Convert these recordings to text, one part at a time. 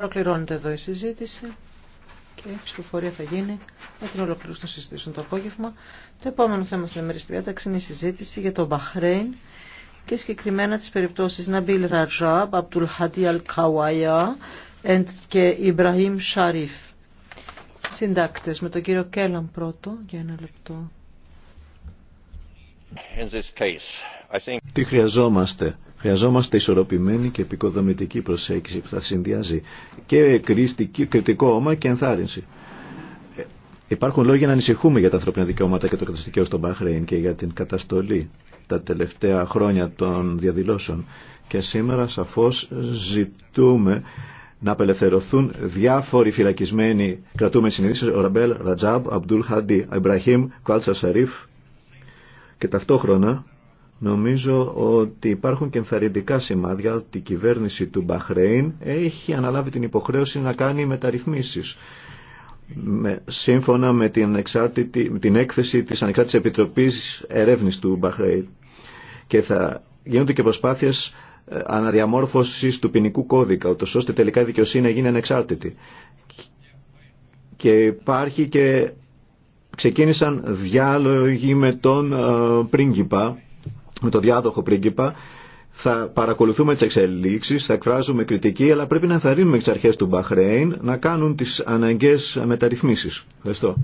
Ολοκληρώνεται εδώ η συζήτηση και η ψηφοφορία θα γίνει με την ολοκλήρωση των συζητήσεων το απόγευμα. Το επόμενο θέμα στην ημερήσια διάταξη είναι η συζήτηση για τον Μπαχρέιν και συγκεκριμένα τις περιπτώσεις Ναμπίλ Ρατζάμπ, Αμπτουλ Χατί Αλ Καουάια και Ιμπραήμ Σαρίφ. Συντάκτες με τον κύριο Κέλλαν πρώτο για ένα λεπτό. Τι χρειαζόμαστε. Χρειαζόμαστε ισορροπημένη και επικοδομητική προσέγγιση που θα συνδυάζει και κριτικό όμα και ενθάρρυνση. Ε, υπάρχουν λόγια να ανησυχούμε για τα ανθρώπινα δικαιώματα και το κράτο στο στον Μπαχρέιν και για την καταστολή τα τελευταία χρόνια των διαδηλώσεων. Και σήμερα σαφώς ζητούμε να απελευθερωθούν διάφοροι φυλακισμένοι κρατούμενοι συνειδήσεις, ο Ραμπέλ Ρατζάμπ, Αμπτούλ Χάντι, Κουάλτσα και ταυτόχρονα νομίζω ότι υπάρχουν και ενθαρρυντικά σημάδια ότι η κυβέρνηση του Μπαχρέιν έχει αναλάβει την υποχρέωση να κάνει μεταρρυθμίσεις. Με, σύμφωνα με την, εξάρτητη, την έκθεση της Ανεξάρτητης Επιτροπής Ερεύνης του Μπαχρέιν και θα γίνονται και προσπάθειες ε, αναδιαμόρφωσης του ποινικού κώδικα, ούτως ώστε τελικά η δικαιοσύνη να γίνει ανεξάρτητη. Και υπάρχει και ξεκίνησαν διάλογοι με τον ε, πρίγκιπα, με τον διάδοχο πρίγκιπα. Θα παρακολουθούμε τις εξελίξεις, θα εκφράζουμε κριτική, αλλά πρέπει να ενθαρρύνουμε τις αρχές του Μπαχρέιν να κάνουν τις αναγκαίες μεταρρυθμίσεις. Ευχαριστώ.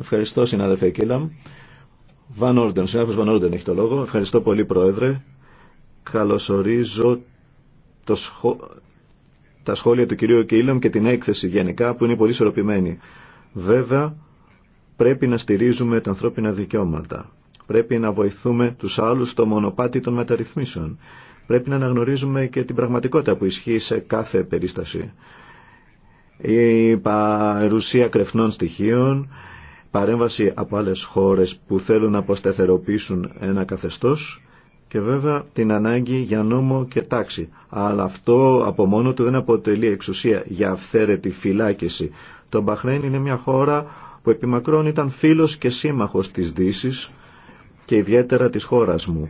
Ευχαριστώ συνάδελφε Κίλαμ. Βαν Όρντεν, συνάδελφος Βαν Όρντεν έχει το λόγο. Ευχαριστώ πολύ Πρόεδρε. Καλωσορίζω το τα σχόλια του κυρίου Κίλαμ και την έκθεση γενικά που είναι πολύ ισορροπημένη. Βέβαια, Πρέπει να στηρίζουμε τα ανθρώπινα δικαιώματα. Πρέπει να βοηθούμε τους άλλους στο μονοπάτι των μεταρρυθμίσεων. Πρέπει να αναγνωρίζουμε και την πραγματικότητα που ισχύει σε κάθε περίσταση. Η παρουσία κρεφνών στοιχείων, παρέμβαση από άλλες χώρες που θέλουν να αποστεθεροποιήσουν ένα καθεστώς και βέβαια την ανάγκη για νόμο και τάξη. Αλλά αυτό από μόνο του δεν αποτελεί εξουσία για αυθαίρετη φυλάκιση. Το Μπαχρέν είναι μια χώρα που μακρόν ήταν φίλος και σύμμαχος της δύση και ιδιαίτερα της χώρας μου.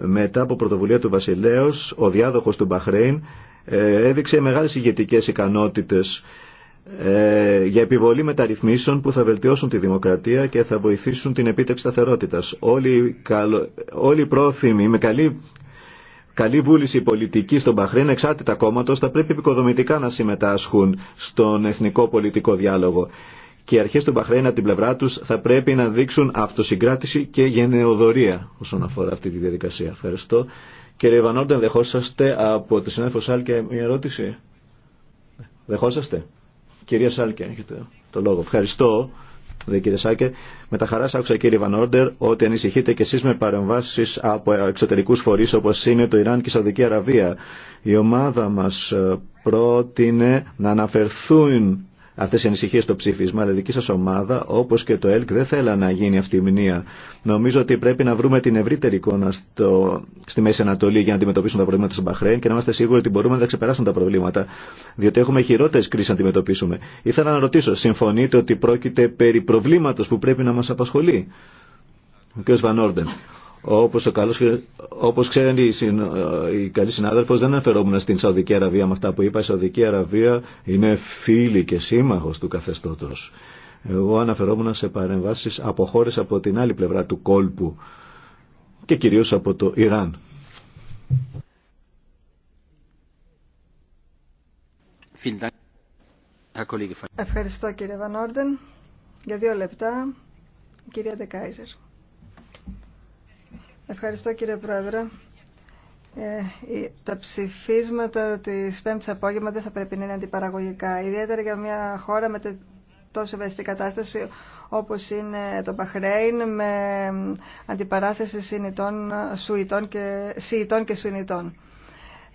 Μετά από πρωτοβουλία του Βασιλέως, ο διάδοχος του Μπαχρέιν ε, έδειξε μεγάλες ηγετικές ικανότητες ε, για επιβολή μεταρρυθμίσεων που θα βελτιώσουν τη δημοκρατία και θα βοηθήσουν την επίτευξη σταθερότητα. Όλοι, οι πρόθυμοι, με καλή, καλή βούληση πολιτική στον Μπαχρέιν εξάρτητα κόμματο, θα πρέπει επικοδομητικά να συμμετάσχουν στον εθνικό πολιτικό διάλογο και οι αρχές του Μπαχρέιν από την πλευρά τους θα πρέπει να δείξουν αυτοσυγκράτηση και γενεοδορία όσον αφορά αυτή τη διαδικασία. Ευχαριστώ. Κύριε Βανόρντε, δεχόσαστε από τη συνάδελφο Σάλκε μια ερώτηση. Δεχόσαστε. Κυρία Σάλκε, έχετε το λόγο. Ευχαριστώ. δε κύριε Σάκε. Με τα χαρά άκουσα κύριε Βαν Όρντερ ότι ανησυχείτε και εσείς με παρεμβάσεις από εξωτερικούς φορείς όπως είναι το Ιράν και η Σαουδική Αραβία. Η ομάδα μας ε, πρότεινε να αναφερθούν αυτές οι ανησυχίες στο ψήφισμα, αλλά η δική σας ομάδα, όπως και το ΕΛΚ, δεν θέλα να γίνει αυτή η μνήμα. Νομίζω ότι πρέπει να βρούμε την ευρύτερη εικόνα στο, στη Μέση Ανατολή για να αντιμετωπίσουμε τα προβλήματα στον Παχρέν και να είμαστε σίγουροι ότι μπορούμε να τα ξεπεράσουμε τα προβλήματα, διότι έχουμε χειρότερε κρίσει να αντιμετωπίσουμε. Ήθελα να ρωτήσω, συμφωνείτε ότι πρόκειται περί προβλήματος που πρέπει να μα απασχολεί. Ο κ. Βανόρντεν. Όπως, ο καλός, όπως ξέρετε η, καλή συνάδελφος δεν αναφερόμουν στην Σαουδική Αραβία με αυτά που είπα. Η Σαουδική Αραβία είναι φίλη και σύμμαχος του καθεστώτος. Εγώ αναφερόμουν σε παρεμβάσεις από χώρες από την άλλη πλευρά του κόλπου και κυρίως από το Ιράν. Ευχαριστώ κύριε Βανόρντεν. Για δύο λεπτά, κυρία Δεκάιζερ. Ευχαριστώ κύριε Πρόεδρε. Ε, τα ψηφίσματα της πέμπτης απόγευμα δεν θα πρέπει να είναι αντιπαραγωγικά. Ιδιαίτερα για μια χώρα με τόσο ευαίσθητη κατάσταση όπως είναι το Παχρέιν με αντιπαράθεση συνητών, σουητών και, και σουνητών.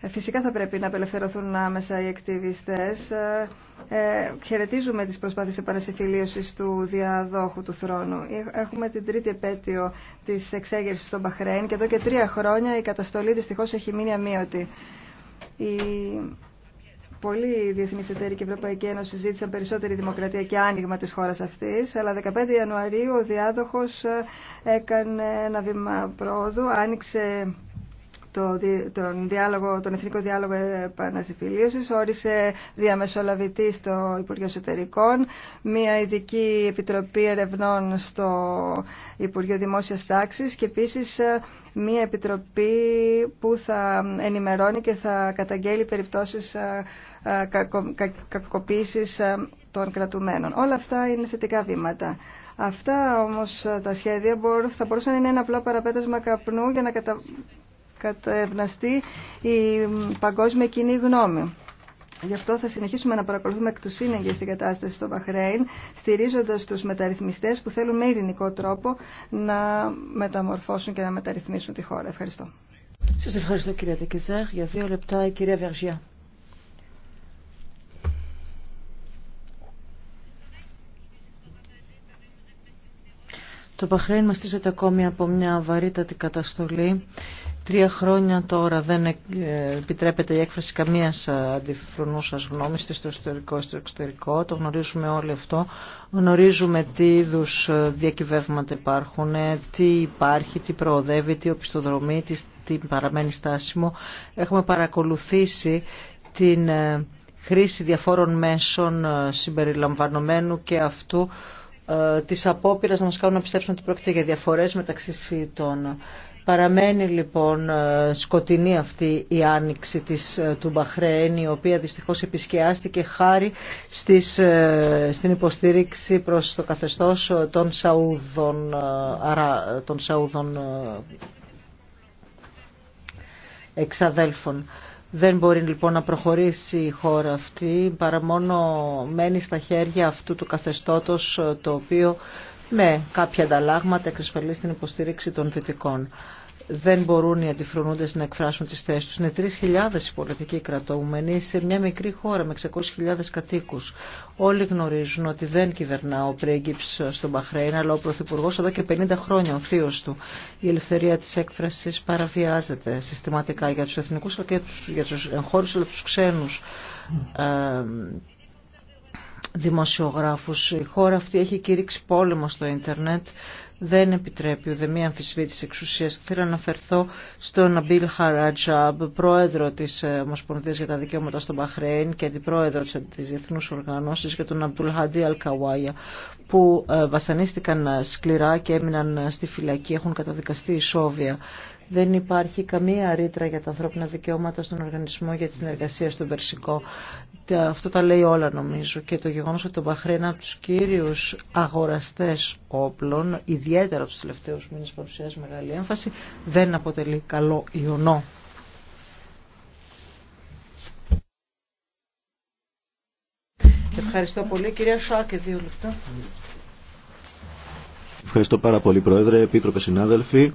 Ε, φυσικά θα πρέπει να απελευθερωθούν άμεσα οι εκτιβιστές. Ε, χαιρετίζουμε τις προσπάθειες επανασυμφιλίωσης του διαδόχου του θρόνου. Έχουμε την τρίτη επέτειο της εξέγερσης στον Παχρέν και εδώ και τρία χρόνια η καταστολή δυστυχώς έχει μείνει αμύωτη. Η... Πολλοί διεθνεί εταίροι και η Ευρωπαϊκή Ένωση ζήτησαν περισσότερη δημοκρατία και άνοιγμα τη χώρα αυτή. Αλλά 15 Ιανουαρίου ο διάδοχο ε, έκανε ένα βήμα πρόοδου, άνοιξε το, τον, διάλογο, τον Εθνικό Διάλογο Επανασυμφιλίωσης, όρισε διαμεσολαβητή στο Υπουργείο Εσωτερικών, μια ειδική επιτροπή ερευνών στο Υπουργείο Δημόσιας Τάξης και επίσης ε, μια επιτροπή που θα ενημερώνει και θα καταγγέλει περιπτώσεις ε, ε, κακοποίησης των κρατουμένων. Όλα αυτά είναι θετικά βήματα. Αυτά όμως τα σχέδια θα μπορούσαν να είναι ένα απλό παραπέτασμα καπνού για να κατα κατευναστεί η παγκόσμια κοινή γνώμη. Γι' αυτό θα συνεχίσουμε να παρακολουθούμε εκ του σύνεγγυ στην κατάσταση στο Μπαχρέιν, στηρίζοντα του μεταρρυθμιστέ που θέλουν με ειρηνικό τρόπο να μεταμορφώσουν και να μεταρρυθμίσουν τη χώρα. Ευχαριστώ. Σα ευχαριστώ κυρία Τεκεζέχ. Για δύο λεπτά η κυρία Βεργιά. Το Μπαχρέιν μαστίζεται ακόμη από μια βαρύτατη καταστολή Τρία χρόνια τώρα δεν ε, επιτρέπεται η έκφραση καμία ε, αντιφρονούσα γνώμη στο ιστορικό στο εξωτερικό. Το γνωρίζουμε όλοι αυτό. Γνωρίζουμε τι είδου ε, διακυβεύματα υπάρχουν, τι υπάρχει, τι προοδεύει, τι οπισθοδρομεί, τι, τι παραμένει στάσιμο. Έχουμε παρακολουθήσει την χρήση διαφόρων μέσων συμπεριλαμβανομένου και αυτού ε, της απόπειρας να μας κάνουν να πιστέψουν ότι πρόκειται για διαφορές μεταξύ σύντων. Παραμένει λοιπόν ε, σκοτεινή αυτή η άνοιξη της, ε, του Μπαχρέν, η οποία δυστυχώς επισκιάστηκε χάρη στις, ε, στην υποστήριξη προς το καθεστώς των αρα, των Σαούδων εξαδέλφων. Δεν μπορεί λοιπόν να προχωρήσει η χώρα αυτή παρά μόνο μένει στα χέρια αυτού του καθεστώτος το οποίο με κάποια ανταλλάγματα εξασφαλίζει την υποστήριξη των δυτικών δεν μπορούν οι αντιφρονούντες να εκφράσουν τις θέσεις τους. Είναι 3.000 οι πολιτικοί κρατούμενοι σε μια μικρή χώρα με 600.000 κατοίκους. Όλοι γνωρίζουν ότι δεν κυβερνά ο πρίγκιπς στον Μπαχρέιν, αλλά ο Πρωθυπουργό εδώ και 50 χρόνια, ο θείο του. Η ελευθερία της έκφρασης παραβιάζεται συστηματικά για τους εθνικούς αλλά και για τους εγχώρους αλλά τους ξένους δημοσιογράφους. Η χώρα αυτή έχει κηρύξει πόλεμο στο ίντερνετ δεν επιτρέπει ούτε μία αμφισβήτηση εξουσίας. Θέλω να αναφερθώ στον Αμπίλ Χαρατζάμπ, πρόεδρο της ε, Ομοσπονδίας για τα Δικαιώματα στο Μπαχρέιν και αντιπρόεδρο της Διεθνούς Οργανώσης και τον Αμπτουλ Χαντί Αλκαουάια, που ε, βασανίστηκαν ε, σκληρά και έμειναν στη φυλακή, έχουν καταδικαστεί ισόβια δεν υπάρχει καμία ρήτρα για τα ανθρώπινα δικαιώματα στον οργανισμό για τη συνεργασία στον Περσικό. Αυτό τα λέει όλα νομίζω και το γεγονός ότι το Μπαχρέ είναι από τους κύριους αγοραστές όπλων, ιδιαίτερα τους τελευταίους μήνες παρουσιάζει μεγάλη έμφαση, δεν αποτελεί καλό ιονό. Ευχαριστώ πολύ. Κυρία Σάκε, δύο λεπτά. Ευχαριστώ πάρα πολύ, Πρόεδρε, Επίτροπε, συνάδελφοι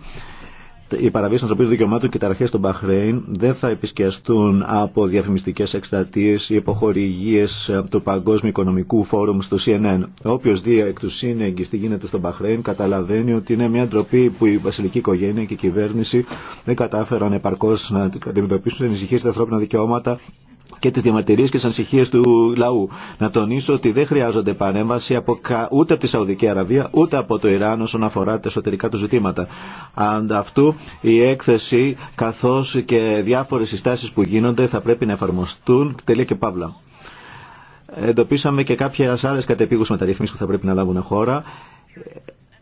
οι παραβίαση των ανθρωπίνων δικαιωμάτων και τα αρχέ των Μπαχρέιν δεν θα επισκιαστούν από διαφημιστικέ εκστατείε ή υποχορηγίε ε, του Παγκόσμιου Οικονομικού Φόρουμ στο CNN. Όποιο δει εκ του σύνεγγυ τι γίνεται στο Μπαχρέιν καταλαβαίνει ότι είναι μια ντροπή που η βασιλική οικογένεια και η κυβέρνηση δεν κατάφεραν επαρκώ να αντιμετωπίσουν ανησυχίε τα ανθρώπινα δικαιώματα και τις διαμαρτυρίες και τις ανησυχίες του λαού. Να τονίσω ότι δεν χρειάζονται επανέμβαση από κα... ούτε από τη Σαουδική Αραβία ούτε από το Ιράν όσον αφορά τα εσωτερικά του ζητήματα. Ανταυτού η έκθεση καθώς και διάφορες συστάσεις που γίνονται θα πρέπει να εφαρμοστούν τελεία και παύλα. Εντοπίσαμε και κάποιες άλλες κατεπίγους μεταρρυθμίσεις που θα πρέπει να λάβουν χώρα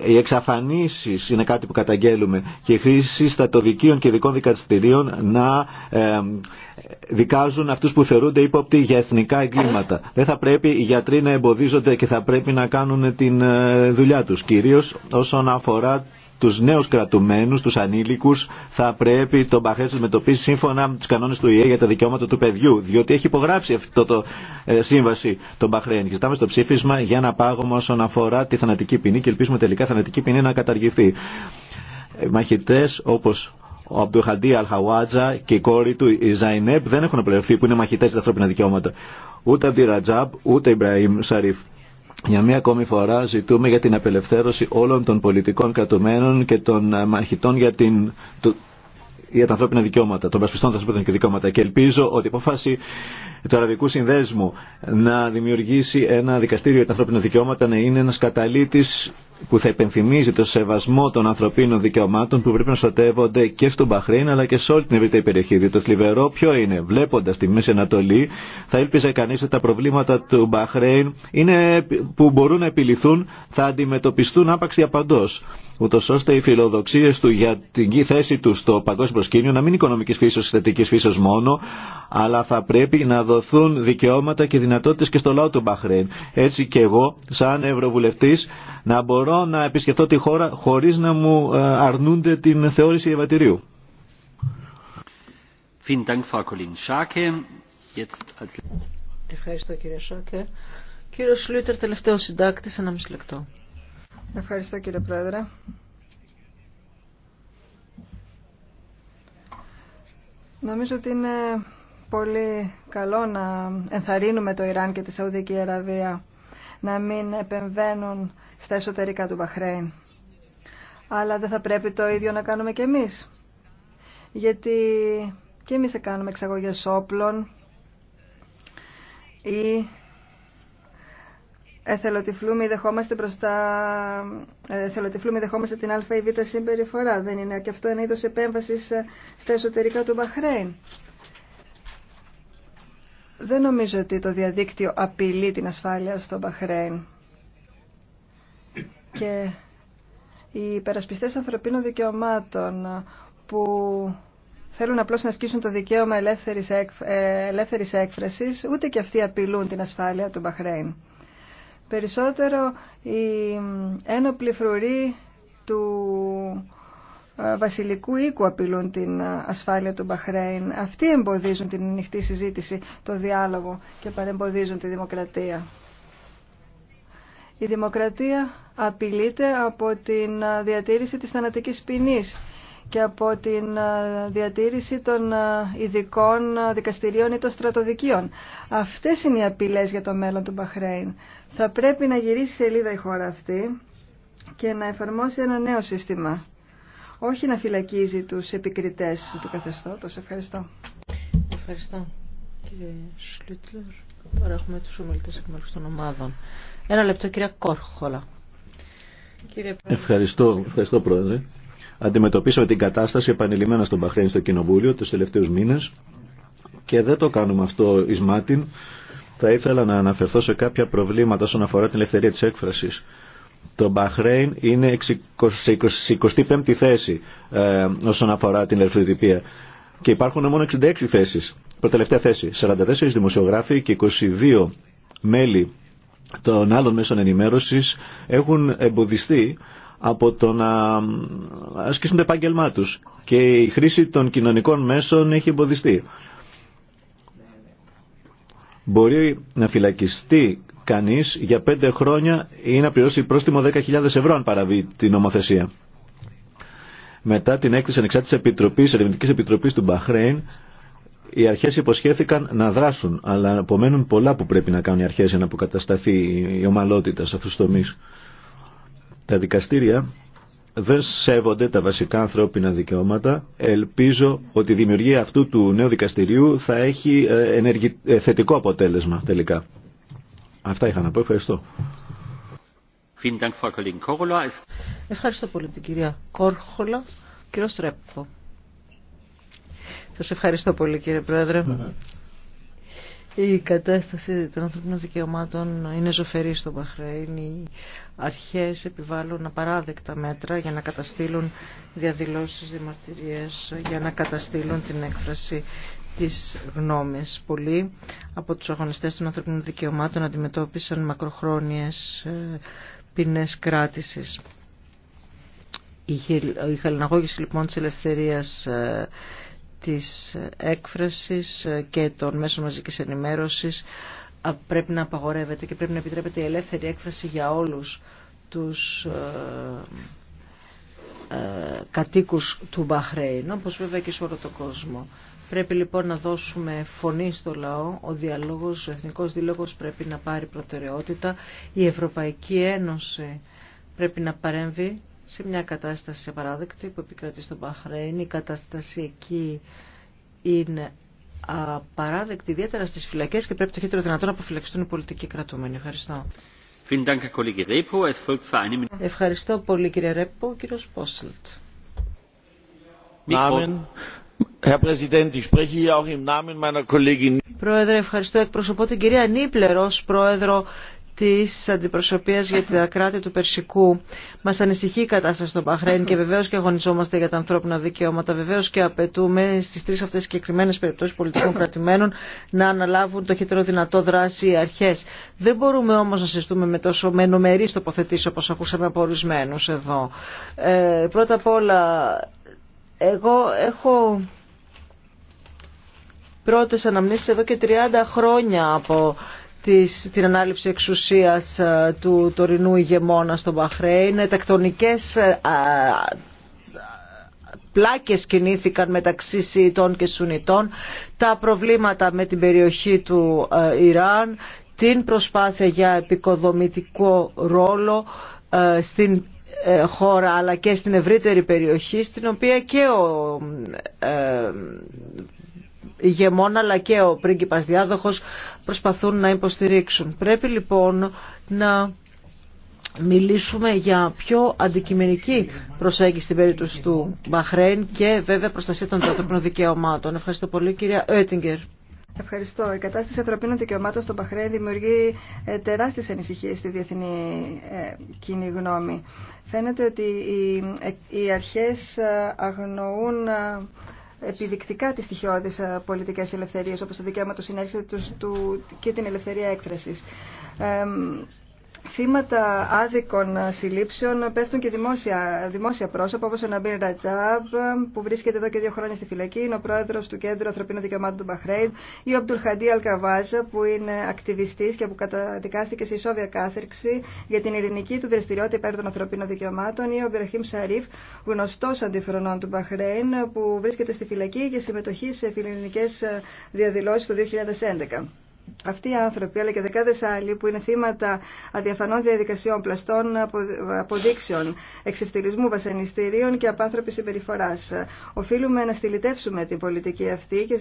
οι εξαφανίσει είναι κάτι που καταγγέλουμε και η χρήση στατοδικείων και ειδικών δικαστηρίων να ε, δικάζουν αυτούς που θεωρούνται ύποπτοι για εθνικά εγκλήματα. Δεν θα πρέπει οι γιατροί να εμποδίζονται και θα πρέπει να κάνουν την ε, δουλειά τους, κυρίω όσον αφορά του νέου κρατουμένου, του ανήλικου, θα πρέπει τον να τους μετωπίσει σύμφωνα με του κανόνε του ΙΕ για τα δικαιώματα του παιδιού, διότι έχει υπογράψει αυτό το ε, σύμβαση τον Μπαχρέιν. Και ζητάμε στο ψήφισμα για να πάγουμε όσον αφορά τη θανατική ποινή και ελπίζουμε τελικά η θανατική ποινή να καταργηθεί. μαχητέ, όπω ο Αμπτουχαντή Αλχαουάτζα και η κόρη του η Ζαϊνέπ δεν έχουν απελευθεί που είναι μαχητέ για τα ανθρώπινα δικαιώματα. Ούτε Ρατζάμπ, ούτε Ιμπραήμ Σαρίφ. Για μία ακόμη φορά ζητούμε για την απελευθέρωση όλων των πολιτικών κρατουμένων και των ε, μαχητών για, την, για τα ανθρώπινα δικαιώματα, των πασπιστών των ανθρώπινων δικαιώματα. Και ελπίζω ότι η απόφαση του Αραβικού Συνδέσμου να δημιουργήσει ένα δικαστήριο για τα ανθρώπινα δικαιώματα να είναι ένας καταλήτης που θα υπενθυμίζει το σεβασμό των ανθρωπίνων δικαιωμάτων που πρέπει να σωτεύονται και στον Μπαχρέιν αλλά και σε όλη την ευρύτερη περιοχή. Διότι το θλιβερό ποιο είναι. Βλέποντα τη Μέση Ανατολή, θα ήλπιζε κανεί ότι τα προβλήματα του Μπαχρέιν είναι που μπορούν να επιληθούν, θα αντιμετωπιστούν άπαξ διαπαντό. Ούτω ώστε οι φιλοδοξίε του για την θέση του στο παγκόσμιο προσκήνιο να μην είναι οικονομική φύσεω ή θετική φύσεω μόνο, αλλά θα πρέπει να δοθούν δικαιώματα και δυνατότητε και στο λαό του Μπαχρέιν. Έτσι και εγώ, σαν Ευρωβουλευτή, να μπορώ μπορώ να επισκεφτώ τη χώρα χωρίς να μου ε, αρνούνται την θεώρηση ευατηρίου. Ευχαριστώ κύριε Σάκε. Κύριο Σλούτερ, τελευταίο συντάκτη, ένα μισή λεπτό. Ευχαριστώ κύριε Πρόεδρε. Νομίζω ότι είναι πολύ καλό να ενθαρρύνουμε το Ιράν και τη Σαουδική Αραβία να μην επεμβαίνουν στα εσωτερικά του Βαχρέιν. Αλλά δεν θα πρέπει το ίδιο να κάνουμε κι εμείς. Γιατί και εμείς κάνουμε εξαγωγές όπλων ή εθελοτυφλούμε δεχόμαστε προς τα... Ε, εθελοτυφλούμε δεχόμαστε την α ή β συμπεριφορά. Δεν είναι και αυτό ένα είδος επέμβασης ε, στα εσωτερικά του Μπαχρέιν. Δεν νομίζω ότι το διαδίκτυο απειλεί την ασφάλεια στον Μπαχρέιν. Και οι υπερασπιστές ανθρωπίνων δικαιωμάτων που θέλουν απλώς να ασκήσουν το δικαίωμα ελεύθερης, εκ, ελεύθερης έκφρασης, ούτε και αυτοί απειλούν την ασφάλεια του Μπαχρέιν. Περισσότερο η ένοπλοι φρουροί του ε, βασιλικού οίκου απειλούν την ε, ασφάλεια του Μπαχρέιν. Αυτοί εμποδίζουν την ανοιχτή συζήτηση, το διάλογο και παρεμποδίζουν τη δημοκρατία. Η δημοκρατία απειλείται από την ε, διατήρηση της θανατικής ποινής και από την διατήρηση των ειδικών δικαστηρίων ή των στρατοδικείων. Αυτές είναι οι απειλές για το μέλλον του Μπαχρέιν. Θα πρέπει να γυρίσει σελίδα η χώρα αυτή και να εφαρμόσει ένα νέο σύστημα όχι να φυλακίζει τους επικριτές του καθεστώτος. Ευχαριστώ. Ευχαριστώ κύριε Σλίτλερ. Τώρα έχουμε τους ομιλητές εκ μέρους των ομάδων. Ένα λεπτό κυρία Κόρχολα. Ευχαριστώ, ευχαριστώ πρόεδρε. Αντιμετωπίσαμε την κατάσταση επανειλημμένα στον Παχρέν στο Κοινοβούλιο τους τελευταίους μήνες και δεν το κάνουμε αυτό εις μάτιν. Θα ήθελα να αναφερθώ σε κάποια προβλήματα όσον αφορά την ελευθερία της έκφρασης το Μπαχρέιν είναι σε 25η θέση ε, όσον αφορά την ελευθερωτυπία. Και υπάρχουν μόνο 66 θέσει. Προτελευταία θέση. 44 δημοσιογράφοι και 22 μέλη των άλλων μέσων ενημέρωσης έχουν εμποδιστεί από το να ασκήσουν το επάγγελμά του. και η χρήση των κοινωνικών μέσων έχει εμποδιστεί. Μπορεί να φυλακιστεί Κανεί για πέντε χρόνια ή να πληρώσει πρόστιμο 10.000 ευρώ αν παραβεί την νομοθεσία. Μετά την έκθεση τη επιτροπή, ερευνητική επιτροπή του Μπαχρέιν, οι αρχέ υποσχέθηκαν να δράσουν, αλλά απομένουν πολλά που πρέπει να κάνουν οι αρχέ για να αποκατασταθεί η ομαλότητα σε αυτού του τομεί. Τα δικαστήρια δεν σέβονται τα βασικά ανθρώπινα δικαιώματα. Ελπίζω ότι η δημιουργία αυτού του νέου δικαστηρίου θα έχει ε, ενεργη... Ε, θετικό αποτέλεσμα τελικά. Αυτά είχα να πω. Ευχαριστώ. Ευχαριστώ πολύ την κυρία Κόρχολα. Κύριο Στρέπφο. Σας ευχαριστώ πολύ κύριε Πρόεδρε. Η κατάσταση των ανθρωπίνων δικαιωμάτων είναι ζωφερή στο Μπαχρέιν. Οι αρχές επιβάλλουν απαράδεκτα μέτρα για να καταστήλουν διαδηλώσεις, δημαρτυρίες, για να καταστήλουν την έκφραση τις γνώμες. πολύ από τους αγωνιστές των ανθρωπίνων δικαιωμάτων αντιμετώπισαν μακροχρόνιες ε, ποινές κράτησης. Η χαλιναγώγηση λοιπόν της ελευθερίας ε, της έκφρασης ε, και των μέσων μαζικής ενημέρωσης πρέπει να απαγορεύεται και πρέπει να επιτρέπεται η ελεύθερη έκφραση για όλους τους κατοίκους του Μπαχρέιν, όπως βέβαια και σε όλο τον κόσμο. Πρέπει λοιπόν να δώσουμε φωνή στο λαό. Ο διαλόγος, ο εθνικός διάλογος πρέπει να πάρει προτεραιότητα. Η Ευρωπαϊκή Ένωση πρέπει να παρέμβει σε μια κατάσταση απαράδεκτη που επικρατεί στο Μπαχρέιν. Η κατάσταση εκεί είναι απαράδεκτη, ιδιαίτερα στις φυλακές και πρέπει το χείτερο δυνατόν να αποφυλακιστούν οι πολιτικοί κρατούμενοι. Ευχαριστώ. Ευχαριστώ πολύ κύριε Ρέπο. Κύριος Πόσλτ. Πρόεδρε, ευχαριστώ. Εκπροσωπώ την κυρία Νίπλερ ως πρόεδρο της αντιπροσωπείας για τα κράτη του Περσικού. Μας ανησυχεί η κατάσταση στο Παχρέν και βεβαίως και αγωνιζόμαστε για τα ανθρώπινα δικαιώματα. Βεβαίως και απαιτούμε στις τρεις αυτές συγκεκριμένε περιπτώσεις πολιτικών κρατημένων να αναλάβουν το χειρότερο δυνατό δράση οι αρχές. Δεν μπορούμε όμως να συζητούμε με τόσο με νομερείς τοποθετήσεις όπως ακούσαμε από ορισμένου εδώ. Ε, πρώτα απ' όλα, εγώ έχω πρώτες αναμνήσεις εδώ και 30 χρόνια από την ανάληψη εξουσίας ε, του τωρινού ηγεμόνα στο Μπαχρέιν. Τακτονικές ε, πλάκες κινήθηκαν μεταξύ Σιητών και Σουνιτών, τα προβλήματα με την περιοχή του ε, Ιράν, την προσπάθεια για επικοδομητικό ρόλο στην χώρα αλλά και στην ευρύτερη περιοχή στην οποία και ο ηγεμόν αλλά και ο πρίγκιπας διάδοχος προσπαθούν να υποστηρίξουν. Πρέπει λοιπόν να μιλήσουμε για πιο αντικειμενική προσέγγιση στην περίπτωση του Μπαχρέιν και βέβαια προστασία των ανθρωπίνων δικαιωμάτων. Ευχαριστώ πολύ κυρία Έτιγκερ. Ευχαριστώ. Η κατάσταση ανθρωπίνων δικαιωμάτων στο Μπαχρέν δημιουργεί ε, τεράστιε ανησυχίε στη διεθνή ε, κοινή γνώμη. Φαίνεται ότι οι ε, αρχέ αγνοούν επιδεικτικά τις στοιχειώδεις ε, πολιτικές ελευθερίες όπως το δικαίωμα του συνέχιση και την ελευθερία έκφρασης θύματα άδικων συλλήψεων πέφτουν και δημόσια, δημόσια πρόσωπα όπως ο Ναμπίν Ρατζάβ που βρίσκεται εδώ και δύο χρόνια στη φυλακή, είναι ο πρόεδρος του Κέντρου Ανθρωπίνων Δικαιωμάτων του Μπαχρέιν ή ο Αμπτουρχαντή Αλκαβάζα που είναι ακτιβιστής και που καταδικάστηκε σε ισόβια κάθερξη για την ειρηνική του δραστηριότητα υπέρ των ανθρωπίνων δικαιωμάτων ή ο Μπεραχήμ Σαρίφ γνωστός αντιφρονών του Μπαχρέιν που βρίσκεται στη φυλακή για συμμετοχή σε φιλελληνικές διαδηλώσεις το 2011. Αυτοί οι άνθρωποι, αλλά και δεκάδε άλλοι που είναι θύματα αδιαφανών διαδικασιών, πλαστών αποδείξεων, εξευτελισμού βασανιστήριων και απάνθρωπη συμπεριφορά. Οφείλουμε να στυλιτεύσουμε την πολιτική αυτή και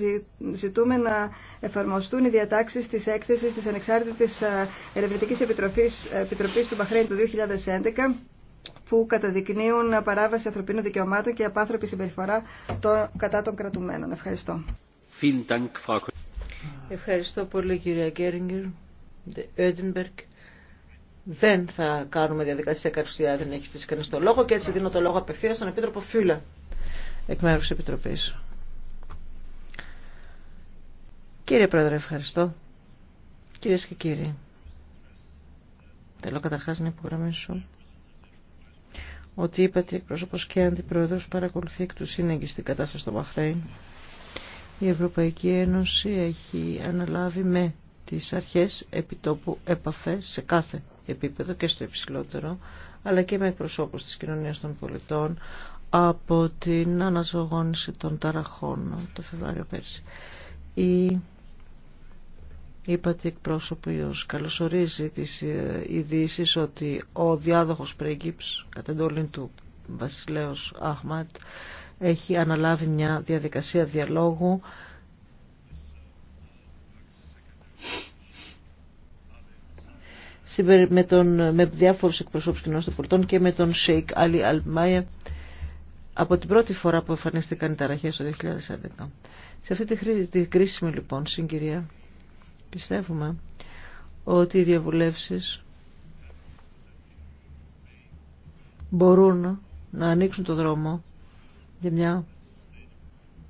ζητούμε να εφαρμοστούν οι διατάξει τη έκθεση τη Ανεξάρτητη ε, Ερευνητική Επιτροπή του Μπαχρέιν του 2011 που καταδεικνύουν παράβαση ανθρωπίνων δικαιωμάτων και απάνθρωπη συμπεριφορά κατά των κρατουμένων. Ευχαριστώ. Ευχαριστώ πολύ κυρία ο Έντινμπεργκ. Δεν θα κάνουμε διαδικασία καρουσία, δεν έχει στήσει κανεί το λόγο και έτσι δίνω το λόγο απευθεία στον Επίτροπο Φιούλα, Εκ μέρου τη Κύριε Πρόεδρε, ευχαριστώ. Κυρίε και κύριοι, θέλω καταρχά να υπογραμμίσω ότι είπατε εκπρόσωπο και αντιπρόεδρος παρακολουθεί εκ του σύνεγγυ στην κατάσταση στο Μπαχρέιν η Ευρωπαϊκή Ένωση έχει αναλάβει με τις αρχές επιτόπου επαφές σε κάθε επίπεδο και στο υψηλότερο, αλλά και με εκπροσώπους της κοινωνίας των πολιτών από την αναζωογόνηση των ταραχών το Φεβρουάριο πέρσι. Η Είπατε εκπρόσωπος καλωσορίζει τις ε, ειδήσει ότι ο διάδοχος κατά κατά του βασιλέος Αχμάτ έχει αναλάβει μια διαδικασία διαλόγου με, τον, με διάφορους εκπροσώπους κοινών πολιτών και με τον Σέικ Αλι Αλμάια από την πρώτη φορά που εμφανίστηκαν οι ταραχές το 2011. Σε αυτή τη, κρίση τη κρίσιμη λοιπόν συγκυρία πιστεύουμε ότι οι διαβουλεύσεις μπορούν να ανοίξουν το δρόμο για μια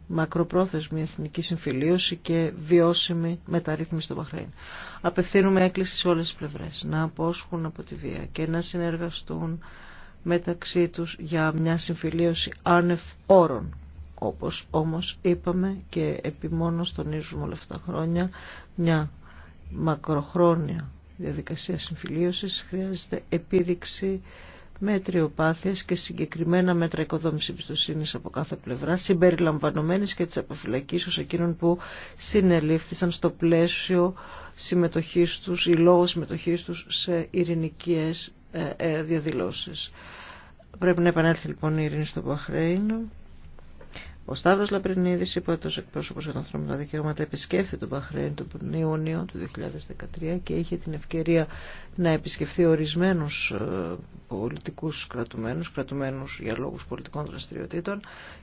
μακροπρόθεσμη εθνική συμφιλίωση και βιώσιμη μεταρρύθμιση στο Μπαχρέιν. Απευθύνουμε έκκληση σε όλες τις πλευρές να απόσχουν από τη βία και να συνεργαστούν μεταξύ τους για μια συμφιλίωση άνευ όρων. Όπως όμως είπαμε και επιμόνως τονίζουμε όλα αυτά τα χρόνια μια μακροχρόνια διαδικασία συμφιλίωσης χρειάζεται επίδειξη με τριοπάθειες και συγκεκριμένα μέτρα οικοδόμηση εμπιστοσύνη από κάθε πλευρά, συμπεριλαμβανομένης και της αποφυλακής εκείνων που συνελήφθησαν στο πλαίσιο συμμετοχής τους ή λόγω συμμετοχής τους σε ειρηνικές ε, ε, διαδηλώσεις. Πρέπει να επανέλθει λοιπόν η ειρήνη στο Παχρέινο. Ο Σταύρος Λαπρινίδης, υπότιτλος εκπρόσωπος για τα ανθρώπινα δικαιώματα, επισκέφθη τον Παχρέν τον Ιούνιο του 2013 και είχε την ευκαιρία να επισκεφθεί ορισμένους ε, πολιτικούς κρατουμένους, κρατουμένους για λόγους πολιτικών δραστηριοτήτων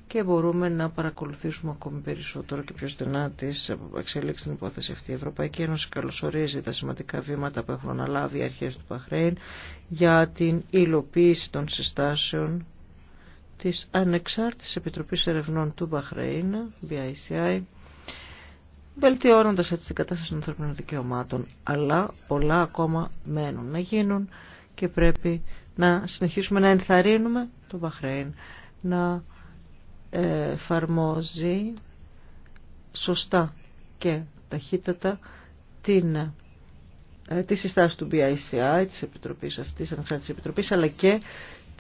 και μπορούμε να παρακολουθήσουμε ακόμη περισσότερο και πιο στενά τις ε, εξέλιξη στην υπόθεση αυτή. Η Ευρωπαϊκή Ένωση καλωσορίζει τα σημαντικά βήματα που έχουν αναλάβει οι αρχές του Παχρέν για την υλοποίηση των συστάσεων της Ανεξάρτητης Επιτροπής Ερευνών του Μπαχρέιν, BICI, βελτιώνοντας έτσι την κατάσταση των ανθρωπίνων δικαιωμάτων. Αλλά πολλά ακόμα μένουν να γίνουν και πρέπει να συνεχίσουμε να ενθαρρύνουμε το Μπαχρέιν να εφαρμόζει σωστά και ταχύτατα την ε, τη συστάση του BICI, της Επιτροπής αυτής, Ανεξάρτητης Επιτροπής, αλλά και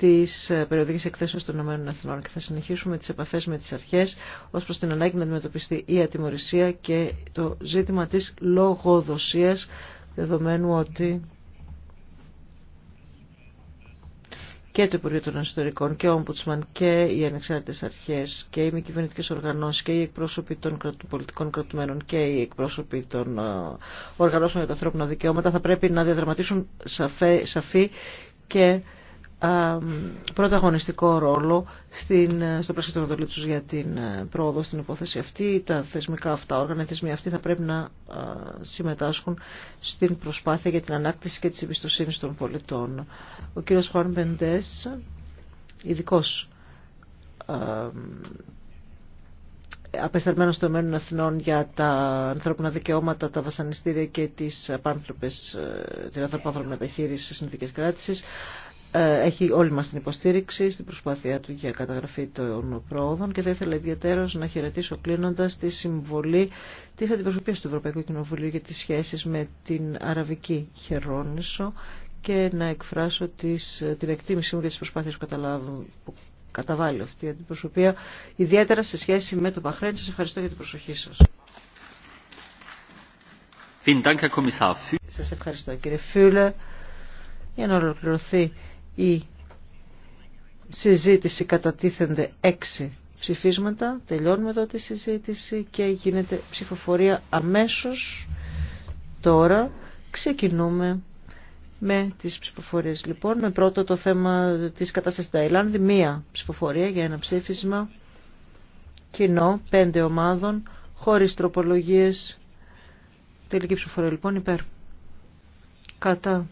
της ε, περιοδικής εκθέσεως των ΗΠΑ και θα συνεχίσουμε τις επαφές με τις αρχές ως προς την ανάγκη να αντιμετωπιστεί η ατιμορρησία και το ζήτημα της λογοδοσίας δεδομένου ότι και το Υπουργείο των Ιστορικών και ο Ομπουτσμαν και οι ανεξάρτητες αρχές και οι μη κυβερνητικές οργανώσεις και οι εκπρόσωποι των πολιτικών κρατουμένων και οι εκπρόσωποι των ε, οργανώσεων για τα ανθρώπινα δικαιώματα θα πρέπει να διαδραματίσουν σαφή και πρωταγωνιστικό ρόλο στην, στο πράσινο του για την ε, πρόοδο στην υπόθεση αυτή. Τα θεσμικά αυτά όργανα, οι θεσμοί αυτοί θα πρέπει να συμμετάσχουν στην προσπάθεια για την ανάκτηση και της εμπιστοσύνη των πολιτών. Ο κύριος Χουάν Μπεντέ, ειδικό απεσταλμένος στο Ηνωμένων Αθηνών για τα ανθρώπινα δικαιώματα, τα βασανιστήρια και τις απάνθρωπες, ε, την ανθρώπινη μεταχείριση στις συνθήκες κράτησης, ε, έχει όλη μας την υποστήριξη στην προσπάθειά του για καταγραφή των προόδων και θα ήθελα ιδιαίτερα να χαιρετήσω κλείνοντα τη συμβολή της αντιπροσωπείας του Ευρωπαϊκού Κοινοβουλίου για τις σχέσεις με την Αραβική Χερόνησο και να εκφράσω τις, την εκτίμησή μου για τις προσπάθειες που, που καταβάλει αυτή η αντιπροσωπεία, ιδιαίτερα σε σχέση με το Παχρέν. Σας ευχαριστώ για την προσοχή σας. Σας ευχαριστώ κύριε Φιούλε. Για να ολοκληρωθεί η συζήτηση κατατίθενται έξι ψηφίσματα. Τελειώνουμε εδώ τη συζήτηση και γίνεται ψηφοφορία αμέσως. Τώρα ξεκινούμε με τις ψηφοφορίες λοιπόν. Με πρώτο το θέμα της κατάστασης στην Ταϊλάνδη. Μία ψηφοφορία για ένα ψήφισμα κοινό πέντε ομάδων χωρίς τροπολογίες. Τελική ψηφοφορία λοιπόν υπέρ. Κατά.